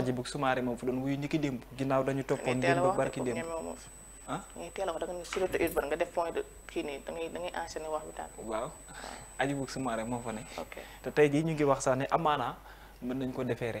aji bu sumaare moom fi doon wuyu niki démb ginnaaw dañu toppoon démb ah? ngay teel a wax da nga surtout une heure nga def point de kii nii da ngay da ngay enchaîner wax bi daal. waaw ah. aji bu sumaare moo fa ne. te tey jii ñu ngi wax sax ne amaana mën nañ ko defeere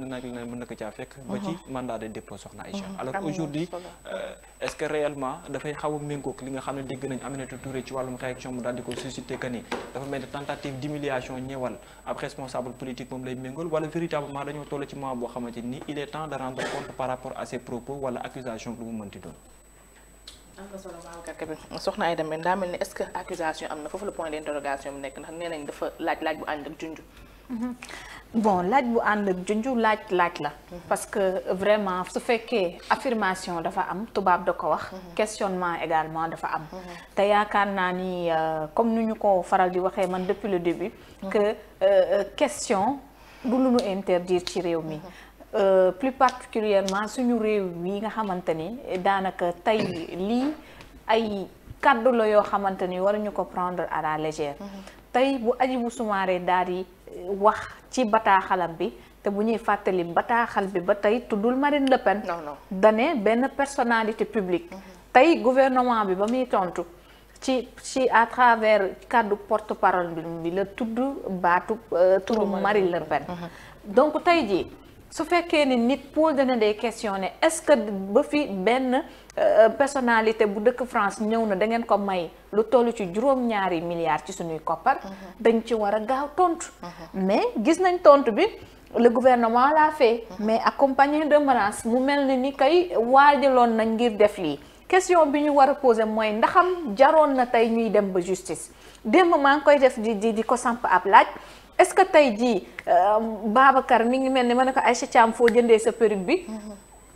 leneen ak leneen mën na ba ci uh-huh. mandat de dépôt soxna Aïcha uh-huh. alors aujourd'hui est euh, ce que réellement dafay xaw a méngoog li nga xam ne dégg nañ Aminata Touré ci wàllum réaction mu mu nekk ndax nee nañ dafa laaj laaj bu ànd ak junj Mhm. bon laaj bu ànd ak laaj laaj la parce que vraiment su fekkee affirmation dafa am tubaab da ko wax mhm. questionnement également dafa am mhm. te yaakaar naa ni euh, comme nu ñu ko faral di waxee man depuis le début que euh, euh, question du lu nu interdire ci réew mi plus particulièrement suñu réew yi nga xamante ni daanaka tey lii ay kàddu la yoo xamante ni waruñu ko prendre à la légère tey bu Hadjibou Soumaré daal di wax ci bataaxalam bi te bu ñuy fàttali bataaxal bi ba tey tuddul Marine Le Pen. non benn personnalité publique. Mhm. tey gouvernement bi ba muy tontu ci ci à travers kàddu porte parole bi la tudd baatu. Euh, turu Marine Le Pen mhm. donc tey jii. su fekkee ni nit posé na des questions ne est-ce que ba fi benn euh, personnalité bu dëkk France ñëw na da ngeen ko may lu toll ci juróom-ñaari milliards ci suñuy koppar. Mhm. dañ ci war a gaaw tontu. Mhm. mais gis nañ tontu bi. le gouvernement l'a fait mhm. mais accompagné de menaces mu mel ni ni kay waajaloon nañ ngir def lii question bi ñu war a poser mooy ndaxam jaroon na tey ñuy dem ba justice démb maa ngi koy def di di di ko samp ab laaj est-ce que tey jii euh, Babacar mi ngi mel ni ma ne ko Aïcha Thiam foo jëndee sa perruque bi.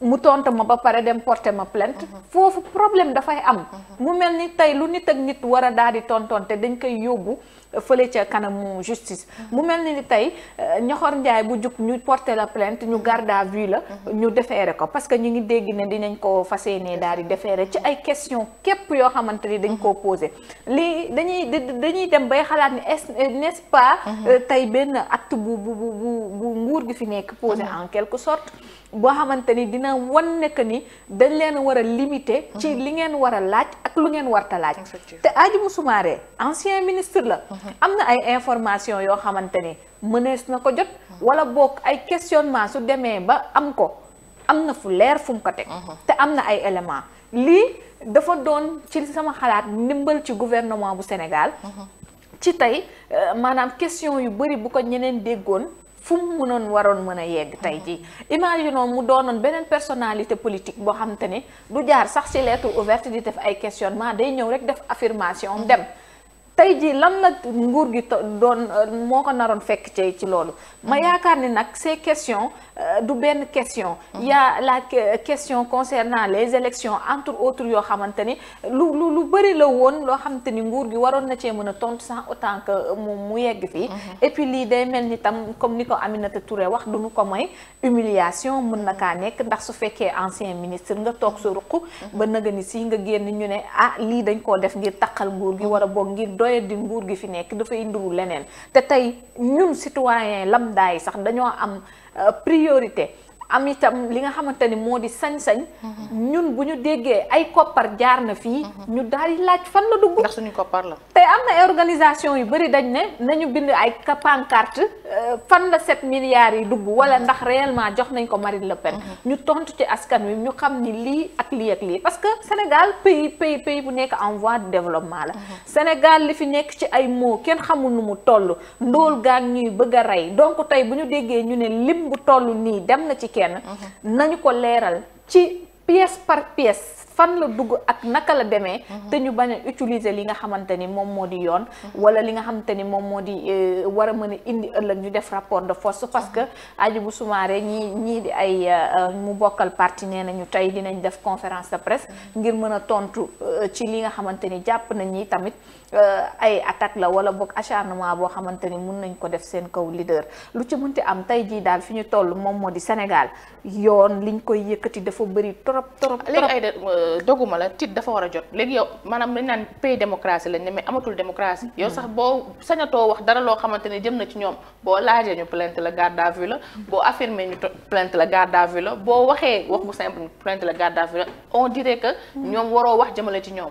mu tontu ma ba pare dem porter ma plainte. foofu problème dafay am. Mm-hmm. mu mel ni tey lu nit ak nit war a daal di tontonte dañ koy yóbbu. fële ca kanamu justice mu mel ni tey ñoxor euh, njaay bu jug ñu porté la plainte ñu garde à vue la mhm. ñu defeere ko parce que ñu ngi dégg ne dinañ ko fas yéene daal di defeere ci ay question képp yoo xamante ni dañ koo mhm. posé lii dañuy dañuy dem bay xalaat ni est euh, n'est-ce mhm. euh, tey benn acte nguur gi fi nekk posé en quelque sorte boo xamante ni dina wan nekk ni dañ leen war a limiter ci li ngeen war a laaj ak lu ngeen warta laaj te Hadjibou Soumaré ancien ministre la Mm-hmm. am na ay information yoo xamante ni mënees na ko jot wala boog ay questionnement su demee ba am ko am na fu leer fum ko teg mm-hmm. te am na ay élément lii dafa doon ci sama xalaat ndimbal ci gouvernement bu Sénégal mm-hmm. ci tey euh, maanaam question yu bëri bu ko ñeneen déggoon fu mu mënoon waroon mën a yegg tey jii imaginons mu doonoon beneen personalité politique boo xam te ni du jaar sax ci lettre ouverte di def ay questionnement day ñëw rek def affirmation dem tey jii lan la nguur gi doon moo ko naroon fekk ci ci loolu. ma mhm. yaakaar ni nag ces question euh, du benn question. Mhm. y a la question concernant les élections entre autres yoo xamante ni lu lu lu bëri la woon loo xamante ni nguur gi waroon na cee mën a tontu sans autant que mu mu yegg fii. Mhm. et puis lii day mel ni tam comme ni ko Aminata Touré wax du ñu ko may humiliation mën na kaa nekk ndax su fekkee ancien ministre nga toog sa ruq. ba naga si nga génn ñu ne ah lii dañ koo def ngir taqal nguur gi war a boog ngir doyadi nguur gi fi nekk dafay indiwu leneen te tey ñun citoyen lambda yi sax dañoo am euh, priorité am tam li nga xamante ni moo di sañ-sañ. ñun bu ñu déggee ay koppar jaar na fii. ñu daal di laaj fan la dugg. ndax suñu koppar am na organisation yu bëri dañ ne nañu bind ay pancarte euh, fan la sept milliards yi dugg wala ndax réellement jox nañ ko Marine Le Pen. ñu tontu ci askan wi ñu xam ni lii ak lii ak lii parce que Sénégal pays pays pays bu nekk envoie de développement la. Sénégal li fi nekk ci ay moo kenn xamul nu mu toll ndóol gaag ñuy bëgg a rey donc tey bu ñu déggee nii dem na ci. kenn na ko leeral ci pièce par pièce fan la dugg ak naka la demee mhm. te ñu bañ utiliser li nga xamante ni moom moo di yoon wala li nga xamante ni moom moo di euh, war a mën indi ëllëg ñu def rapport de force parce que Hadjibou mhm. Soumaré ñii ñii di ay euh, euh, mu bokkal parti nee nañu tey dinañ def conférence de presse mhm. ngir mën a tontu ci li nga xamante ni jàpp nañ ñi tamit ay attaque la wala boog acharnement boo xamante ni mun nañ ko def seen kaw leader lu ci mënti am tey jii daal fi ñu toll moom moo di Sénégal trop trop ah, trop léegi euh, la tiit dafa war a jot léegi yow maanaam dañ naan pays démocratie lañ ne amatul démocratie mm-hmm. yow sax boo sañatoo wax dara loo xamante ne jëm na ci ñoom boo laajee ñu plainte la garde à vue la mm-hmm. boo affirmé ñu plainte la garde à vue la boo waxee wax bu simple ñu plainte la garde à vue la on dirait que mm-hmm. ñoom waroo wax jëmale ci ñoom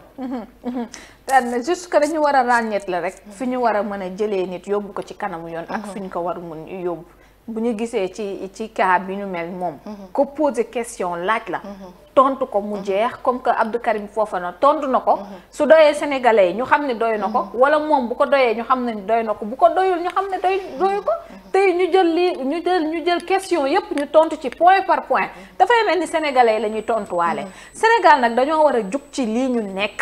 daan juste que dañu war a ràññeet la rek fi ñu war a mën a jëlee nit yóbbu ko ci kanamu yoon ak fi ñu ko war mun yóbbu bu ñu gisee ci ci cas bi ñu mel moom. Mhm. ko poser question laaj la. Mhm. tontu ko mu mhm. jeex comme que Abdou Karim Fofana tontu na ko. su doyee sénégalais yi ñu xam ne doy na ko. wala moom bu ko doyee ñu xam ne doy na ko bu ko doyul ñu xam ne doy doyu ko. tey ñu jël lii ñu jël ñu jël question yépp ñu tontu ci point par point dafay mel ni sénégalais la ñuy tontuwaale. Sénégal nag dañoo war a jug ci lii ñu nekk.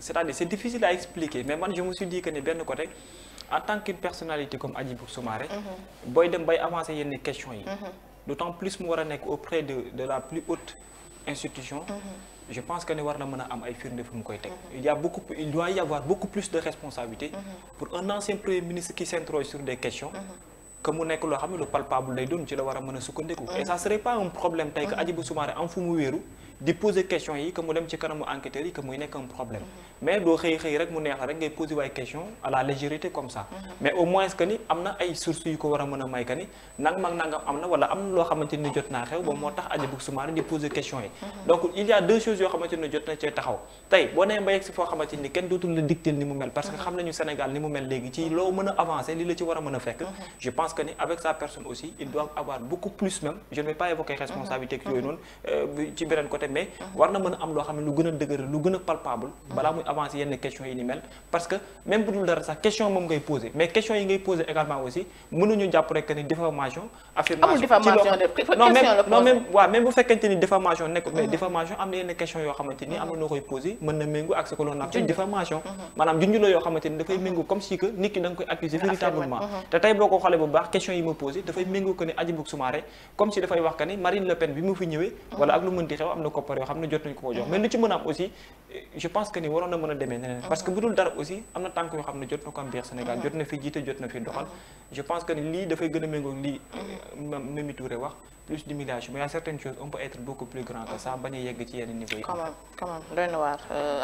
c'est-à-dire c'est difficile à expliquer mais man je me suis dit que ne benn côté en tant qu'une personnalité comme Hadjibou Soumaré mhm. booy dem bay avancer yenn questions yi mhm. d'autant plus mu war a nekk auprès de de la plus haute institution mhm. je pense que ne war na mën a am ay firnde fu mu koy teg il y a beaucoup il doit y beaucoup plus de responsabilité pour un ancien premier ministre qui s'interroge sur des questions que mu nekk loo xam ne lu palpable la war a mën a sukkandiku di poser question yi que mu dem ci kanamu enquêteurs yi que muy nekk problème mm-hmm. mais doo xëy xëy rek mu neex la rek ngay poser waaye question à la légèreté comme ça mm-hmm. mais au moins que ni am na ay sources yu ko war a mën a may que ni nangam ak nangam am na wala am na loo xamante ni jot naa xew ba moo tax Hadjibou Soumaré di poser question yi mm-hmm. donc il y deux choses yoo xamante ni jot na cee taxaw tey boo nee ba yegg si foo xamante ni kenn dootul la dicter mais war na mën a am loo xam ne lu gën a dëgër lu gën a palpable balaa muy avancer yenn questions yi ni mel parce que même bu dul dara sax question moom ngay poser mais question yi ngay poser également aussi mm-hmm. mën na méngu ak ce que l'on appelle diffamation mm-hmm. maanaam junj yoo xamante ni da comme si que nit ki da koy accuser véritablement mm-hmm. te tey boo ko xoolee bu baax question yi ma posé dafay méngoo ko ni Hadjibou Soumaré comme si dafay wax koppar xam ne jot nañ ko ko jox mais lu ci mën am aussi je pense que ni waroon na mën a demee neneen ah parce que bu dul dara aussi am na tànk yoo xam ne jot na ko am Sénégal ah jot na fi jiite jot na fi doxal ah je pense que ni lii dafay gën a méngoo lii mm-hmm. Mimi Touré wax plus d'humiliation mais il y a certaines on peut être beaucoup plus grand que ça yegg ci yenn niveau yi quand même waar euh,